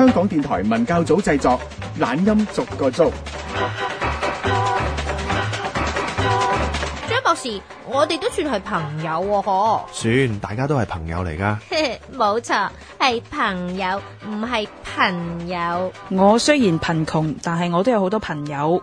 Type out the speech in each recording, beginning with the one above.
香港電台文教組製作，懶音逐個捉。張博士，我哋都算係朋友喎，哦，嗬？算，大家都係朋友嚟噶。冇錯， 係朋友，唔係朋友。 我雖然貧窮，但係我都有好多朋友。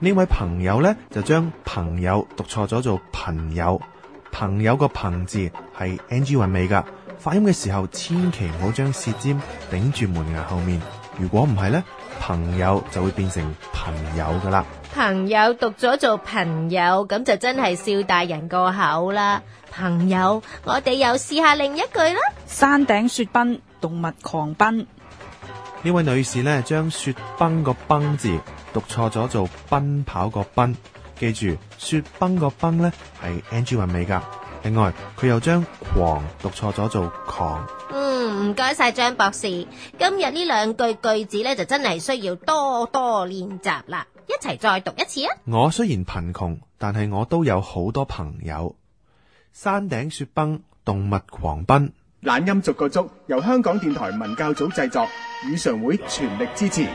呢位朋友咧，就將朋友讀錯咗做朋友。朋友個朋字係 ng 韻尾噶。發音嘅時候，千祈唔好將舌尖頂住門牙後面。如果唔係呢，朋友就會變成朋友噶啦。朋友讀咗做朋友，咁就真係笑大人個口啦。朋友，我哋又試下另一句啦。山頂雪崩，動物狂奔。呢位女士呢，將雪崩個崩字讀錯咗做奔跑個奔。記住，雪崩個崩咧係 ng 韻尾噶。另外，佢又將狂讀錯咗做狂。嗯，唔該晒張博士。今日呢兩句句子咧，就真係需要多多練習啦。一齊再讀一次啊！我雖然貧窮，但係我都有好多朋友。山頂雪崩，動物狂奔。懶音逐個捉，由香港電台文教組製作，語常會全力支持。